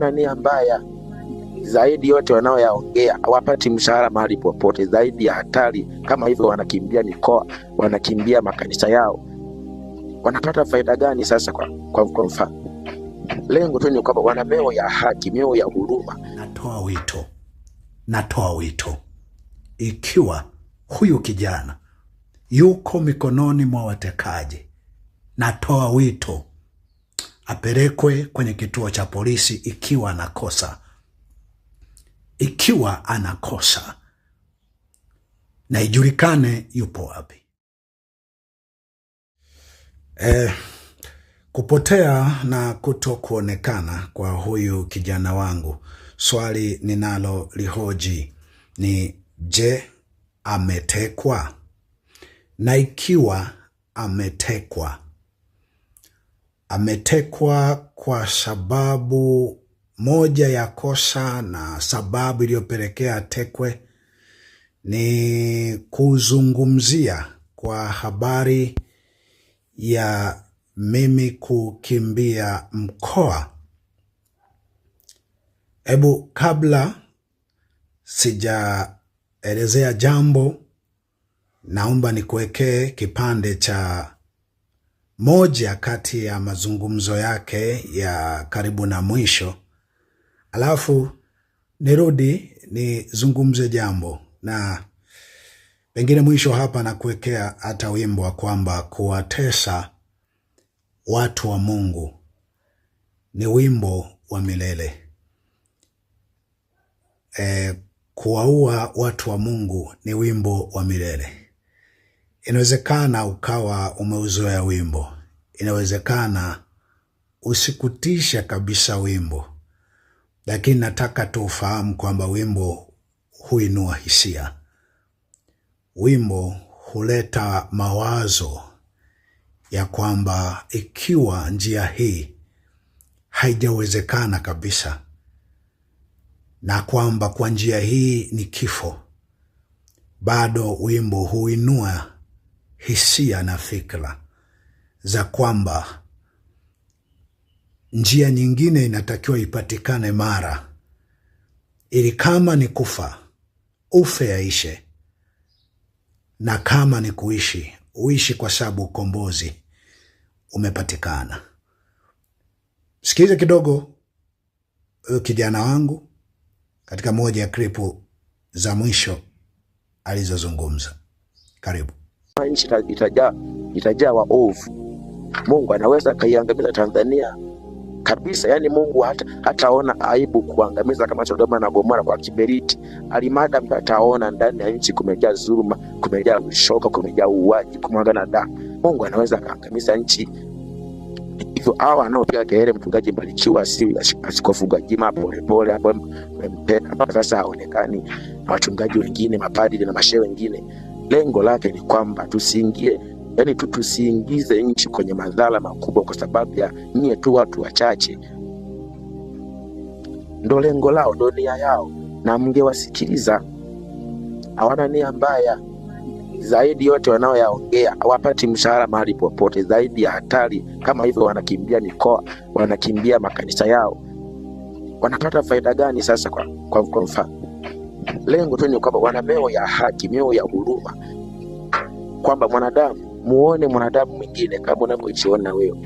na nia mbaya zaidi. Yote wanaoyaongea hawapati mshahara mahali popote, zaidi ya hatari kama hivyo. Wanakimbia mikoa, wanakimbia makanisa yao, wanapata faida gani? Sasa kwa, kwa, kwa mfano lengo tu ni kwamba wana meo ya haki, meo ya huruma. Natoa wito, natoa wito, ikiwa huyu kijana yuko mikononi mwa watekaji, natoa wito apelekwe kwenye kituo cha polisi ikiwa anakosa, ikiwa anakosa, na ijulikane yupo wapi. Eh, kupotea na kutokuonekana kwa huyu kijana wangu, swali ninalo lihoji ni je, ametekwa? Na ikiwa ametekwa ametekwa kwa sababu moja ya kosa na sababu iliyopelekea atekwe ni kuzungumzia kwa habari ya mimi kukimbia mkoa. Hebu kabla sijaelezea jambo, naomba nikuwekee kipande cha moja kati ya mazungumzo yake ya karibu na mwisho, alafu nirudi nizungumze jambo na pengine mwisho hapa na kuwekea hata wimbo wa kwamba kuwatesa watu wa Mungu ni wimbo wa milele. E, kuwaua watu wa Mungu ni wimbo wa milele. Inawezekana ukawa umeuzoea wimbo, inawezekana usikutisha kabisa wimbo, lakini nataka tu ufahamu kwamba wimbo huinua hisia, wimbo huleta mawazo ya kwamba ikiwa njia hii haijawezekana kabisa, na kwamba kwa njia hii ni kifo, bado wimbo huinua hisia na fikra za kwamba njia nyingine inatakiwa ipatikane mara, ili kama ni kufa ufe yaishe, na kama ni kuishi uishi, kwa sababu ukombozi umepatikana. Sikiliza kidogo huyu kijana wangu katika moja ya kripu za mwisho alizozungumza. Karibu nchi itajaa itajaa waovu. Mungu anaweza akaiangamiza Tanzania kabisa, yani Mungu hata hataona aibu kuangamiza kama Sodoma na Gomora kwa kiberiti, alimada, ataona ndani ya nchi kumejaa dhuluma, kumejaa ushoka, kumejaa uuaji, na damu. Mungu anaweza akaangamiza nchi hivyo hawa wanaopiga kelele mchungaji Mbarikiwa si Askofu Gwajima Polepole ambao mpena mpaka sasa haonekani, na wachungaji wengine, mapadri na mashehe wengine lengo lake ni kwamba tusiingie, yani tu tusiingize nchi kwenye madhara makubwa kwa sababu ya nie tu watu wachache. Ndo lengo lao, ndo nia yao, na mngewasikiliza. Hawana nia mbaya zaidi yote wanaoyaongea hawapati mshahara mahali popote, zaidi ya hatari kama hivyo. Wanakimbia mikoa, wanakimbia makanisa yao, wanapata faida gani? Sasa kwa, kwa, kwa mfano lengo tu ni kwamba wana mioyo ya haki, mioyo ya huruma, kwamba mwanadamu muone mwanadamu mwingine kama unavyojiona wewe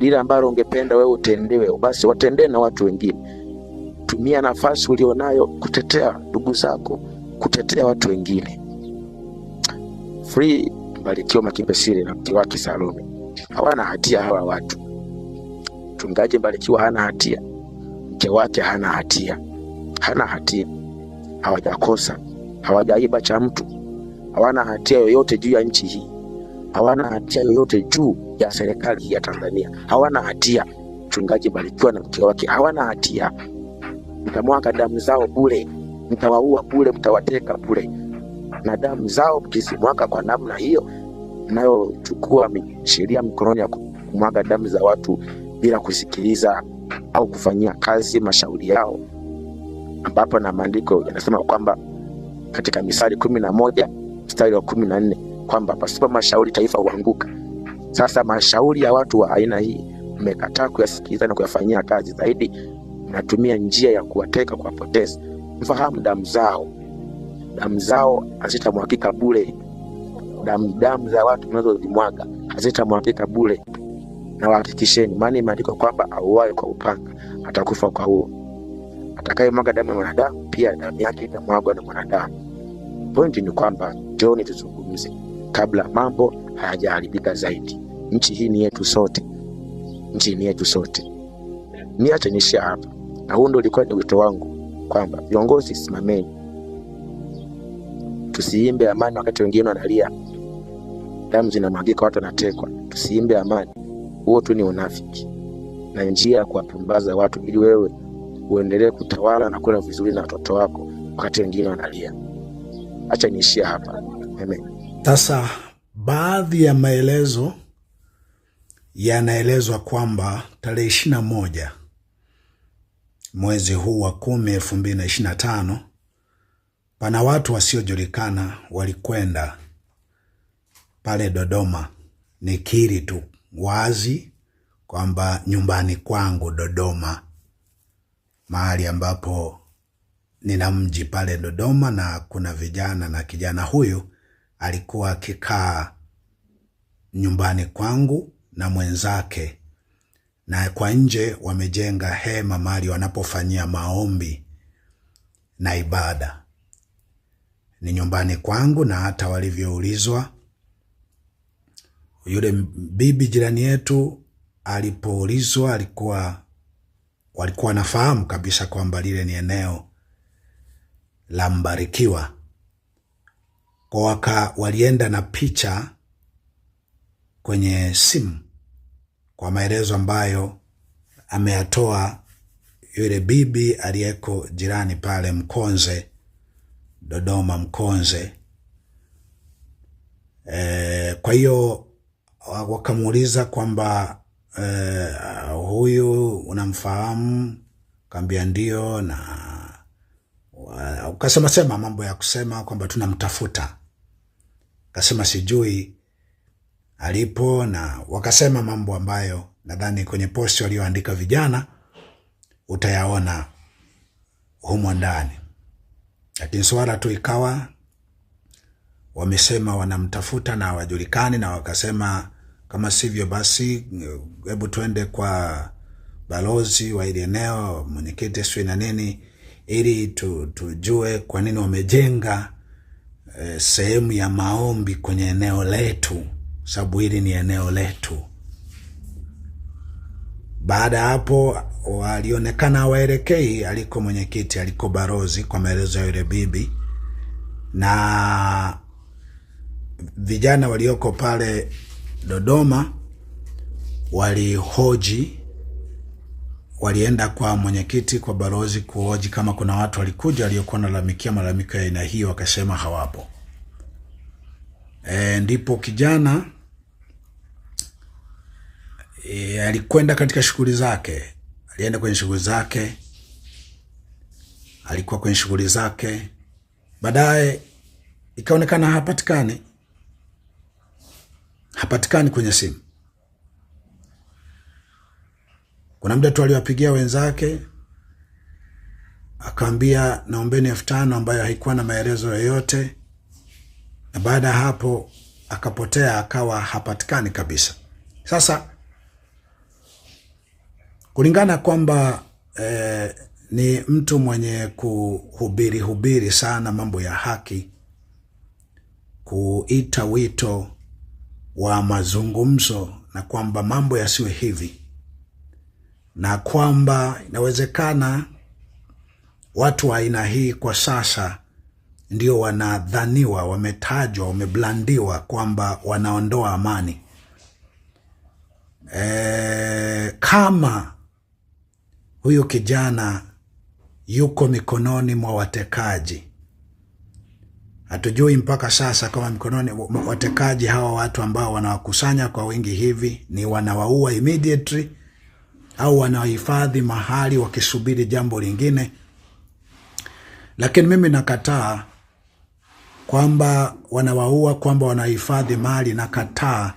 lile ambalo ungependa wewe utendewe, basi watendee na watu wengine. Tumia nafasi ulionayo kutetea ndugu zako, kutetea watu wengine. Free Mbarikiwa Makimbesile na mke wake Salome hawana hatia hawa watu. Mchungaji Mbarikiwa hana hatia, mke wake hana hatia, hana hatia hawajakosa, hawajaiba cha mtu, hawana hatia yoyote juu ya nchi hii, hawana hatia yoyote juu ya serikali hii ya Tanzania, hawana hatia. Mchungaji Barikiwa na mke wake hawana hatia. Mtamwaga damu zao bure, mtawaua bure, mtawateka bure, na damu zao mkizimwaga kwa namna hiyo, mnayochukua sheria mikononi ya kumwaga damu za watu bila kusikiliza au kufanyia kazi mashauri yao ambapo na maandiko yanasema kwamba katika Mithali kumi na moja mstari wa kumi na nne kwamba pasipo mashauri taifa huanguka. Sasa mashauri ya watu wa aina hii mmekataa kuyasikiliza na kuyafanyia kazi, zaidi mnatumia njia ya kuwateka, kuwapoteza. Mfahamu damu zao, damu zao hazitamwhakika bule Damu damu za watu unazozimwaga hazitamwhakika bule na wahakikisheni, maana imeandikwa kwamba auwae kwa upanga atakufa kwa huo atakayemwaga damu ya mwanadamu pia damu yake itamwagwa na mwanadamu. Pointi ni kwamba njoni tuzungumze kabla mambo hayajaharibika zaidi. Nchi hii ni yetu sote, nchi ni yetu sote. Niache nishia hapa, na huu ndo ulikuwa ni wito wangu kwamba viongozi, simameni, tusiimbe amani wakati wengine wanalia, damu zinamwagika, watu wanatekwa. Tusiimbe amani, huo tu ni unafiki na njia ya kuwapumbaza watu ili wewe uendelee kutawala na kula vizuri na watoto wako, wakati wengine wanalia. Acha niishia hapa. Amen. Sasa baadhi ya maelezo yanaelezwa kwamba tarehe ishirini na moja mwezi huu wa kumi elfu mbili na ishirini na tano pana watu wasiojulikana walikwenda pale Dodoma. Nikiri tu wazi kwamba nyumbani kwangu Dodoma mahali ambapo nina mji pale Dodoma, na kuna vijana na kijana huyu alikuwa akikaa nyumbani kwangu na mwenzake, na kwa nje wamejenga hema mahali wanapofanyia maombi na ibada. Ni nyumbani kwangu, na hata walivyoulizwa yule bibi jirani yetu alipoulizwa alikuwa walikuwa wanafahamu kabisa kwamba lile ni eneo la Mbarikiwa kwa waka, walienda na picha kwenye simu kwa maelezo ambayo ameyatoa yule bibi aliyeko jirani pale Mkonze, Dodoma Mkonze. E, kwa hiyo wakamuuliza kwamba e, huyu unamfahamu? Kaambia ndio, na ukasema sema mambo ya kusema kwamba tunamtafuta. Kasema sijui alipo, na wakasema mambo ambayo nadhani kwenye posti walioandika vijana utayaona humo ndani, lakini swala tu ikawa wamesema wanamtafuta na hawajulikani, na wakasema kama sivyo basi, hebu twende kwa balozi wa ili eneo, mwenyekiti sui na nini, ili tu, tujue kwa nini wamejenga e, sehemu ya maombi kwenye eneo letu, sababu hili ni eneo letu. Baada ya hapo walionekana awaelekei aliko mwenyekiti, aliko balozi, kwa maelezo ya yule bibi na vijana walioko pale Dodoma walihoji, walienda kwa mwenyekiti, kwa balozi kuhoji kama kuna watu walikuja waliokuwa nalalamikia malalamiko ya aina hiyo, wakasema hawapo. E, ndipo kijana e, alikwenda katika shughuli zake, alienda kwenye shughuli zake, alikuwa kwenye shughuli zake, baadaye ikaonekana hapatikani hapatikani kwenye simu. Kuna muda tu aliwapigia wenzake akaambia naombeni elfu tano ambayo haikuwa na maelezo yoyote, na baada ya hapo akapotea, akawa hapatikani kabisa. Sasa kulingana kwamba eh, ni mtu mwenye kuhubiri hubiri sana mambo ya haki, kuita wito wa mazungumzo na kwamba mambo yasiwe hivi, na kwamba inawezekana watu wa aina hii kwa sasa ndio wanadhaniwa, wametajwa, wameblandiwa kwamba wanaondoa amani. E, kama huyu kijana yuko mikononi mwa watekaji Hatujui mpaka sasa kama mikononi watekaji hawa watu ambao wanawakusanya kwa wingi hivi ni wanawaua immediately au wanawahifadhi mahali wakisubiri jambo lingine, lakini mimi nakataa kwamba wanawaua, kwamba wanahifadhi mali. Nakataa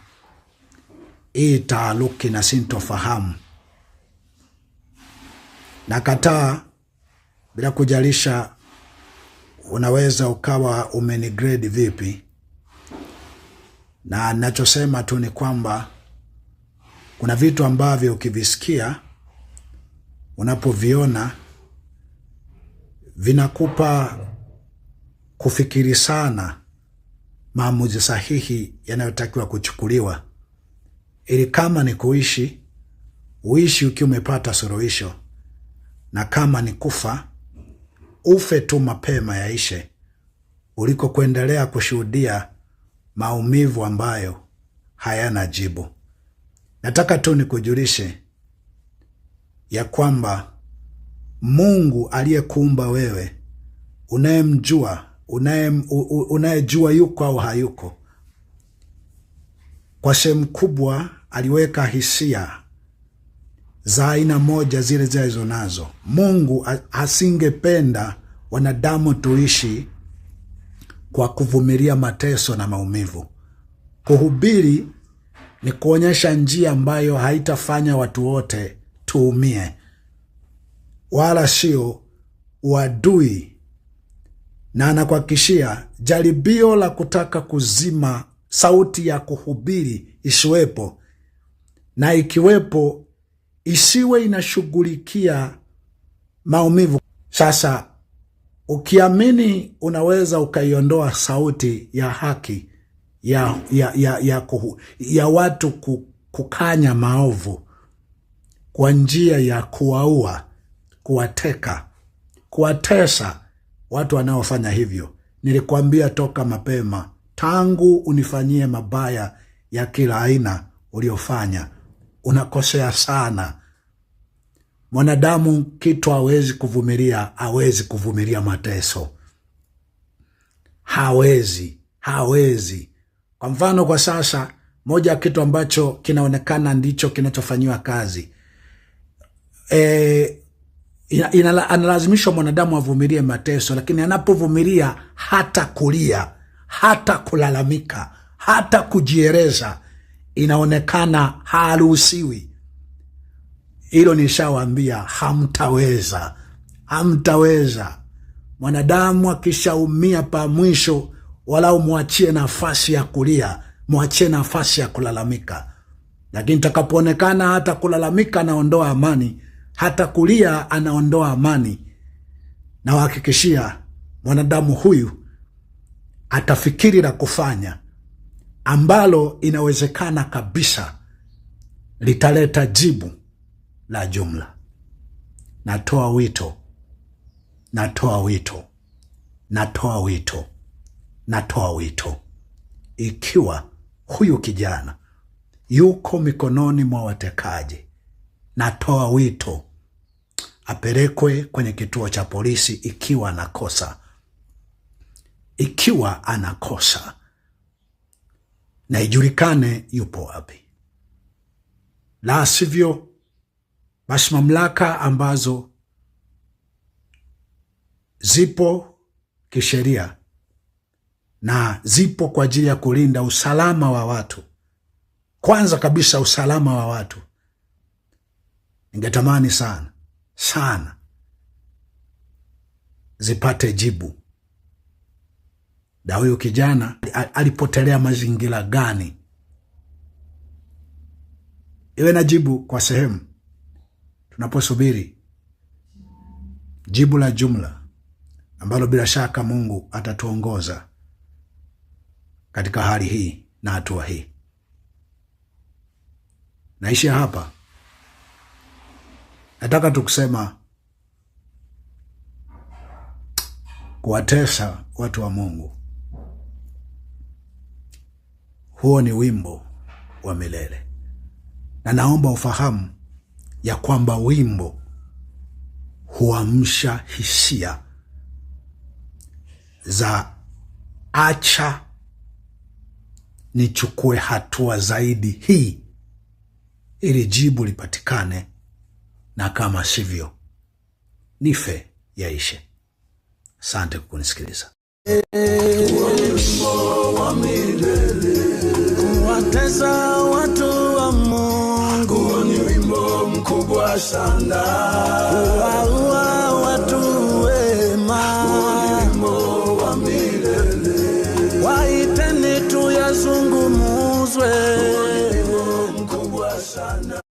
hii taaluki na sintofahamu. Nakataa bila kujalisha unaweza ukawa umenigrade vipi, na nachosema tu ni kwamba kuna vitu ambavyo ukivisikia, unapoviona vinakupa kufikiri sana maamuzi sahihi yanayotakiwa kuchukuliwa, ili kama ni kuishi uishi ukiwa umepata suruhisho na kama ni kufa ufe tu mapema yaishe, uliko kuendelea kushuhudia maumivu ambayo hayana jibu. Nataka tu nikujulishe ya kwamba Mungu aliyekuumba wewe, unayemjua unayejua yuko au hayuko, kwa sehemu kubwa aliweka hisia za aina moja zile zilizo nazo. Mungu asingependa wanadamu tuishi kwa kuvumilia mateso na maumivu. Kuhubiri ni kuonyesha njia ambayo haitafanya watu wote tuumie, wala sio uadui, na anakuhakikishia jaribio la kutaka kuzima sauti ya kuhubiri isiwepo, na ikiwepo isiwe inashughulikia maumivu. Sasa ukiamini unaweza ukaiondoa sauti ya haki ya, ya, ya, ya, kuhu, ya watu kukanya maovu kwa njia ya kuwaua, kuwateka, kuwatesa watu wanaofanya hivyo. Nilikwambia toka mapema, tangu unifanyie mabaya ya kila aina uliofanya unakosea sana. Mwanadamu kitu hawezi kuvumilia, hawezi kuvumilia mateso, hawezi hawezi. Kwa mfano, kwa sasa, moja ya kitu ambacho kinaonekana ndicho kinachofanyiwa kazi e, analazimishwa mwanadamu avumilie mateso, lakini anapovumilia hata kulia, hata kulalamika, hata kujieleza inaonekana haruhusiwi. Hilo nishawambia, hamtaweza, hamtaweza. Mwanadamu akishaumia pa mwisho, walau mwachie nafasi ya kulia, mwachie nafasi ya kulalamika, lakini takapoonekana hata kulalamika anaondoa amani, hata kulia anaondoa amani, nawahakikishia mwanadamu huyu atafikiri la kufanya ambalo inawezekana kabisa litaleta jibu la jumla. Natoa wito, natoa wito, natoa wito, natoa wito. Ikiwa huyu kijana yuko mikononi mwa watekaji, natoa wito apelekwe kwenye kituo cha polisi ikiwa anakosa, ikiwa anakosa na ijulikane yupo wapi, la sivyo basi mamlaka ambazo zipo kisheria na zipo kwa ajili ya kulinda usalama wa watu, kwanza kabisa usalama wa watu, ningetamani sana sana zipate jibu na huyu kijana alipotelea mazingira gani? Iwe na jibu kwa sehemu tunaposubiri jibu la jumla ambalo bila shaka Mungu atatuongoza katika hali hii na hatua hii. Naishia hapa, nataka tukusema kuwatesa watu wa Mungu huo ni wimbo wa milele, na naomba ufahamu ya kwamba wimbo huamsha hisia za acha nichukue hatua zaidi hii ili jibu lipatikane, na kama sivyo nife yaishe. Asante kwa kunisikiliza unapendeza watu wa Mungu, ni wimbo mkubwa sana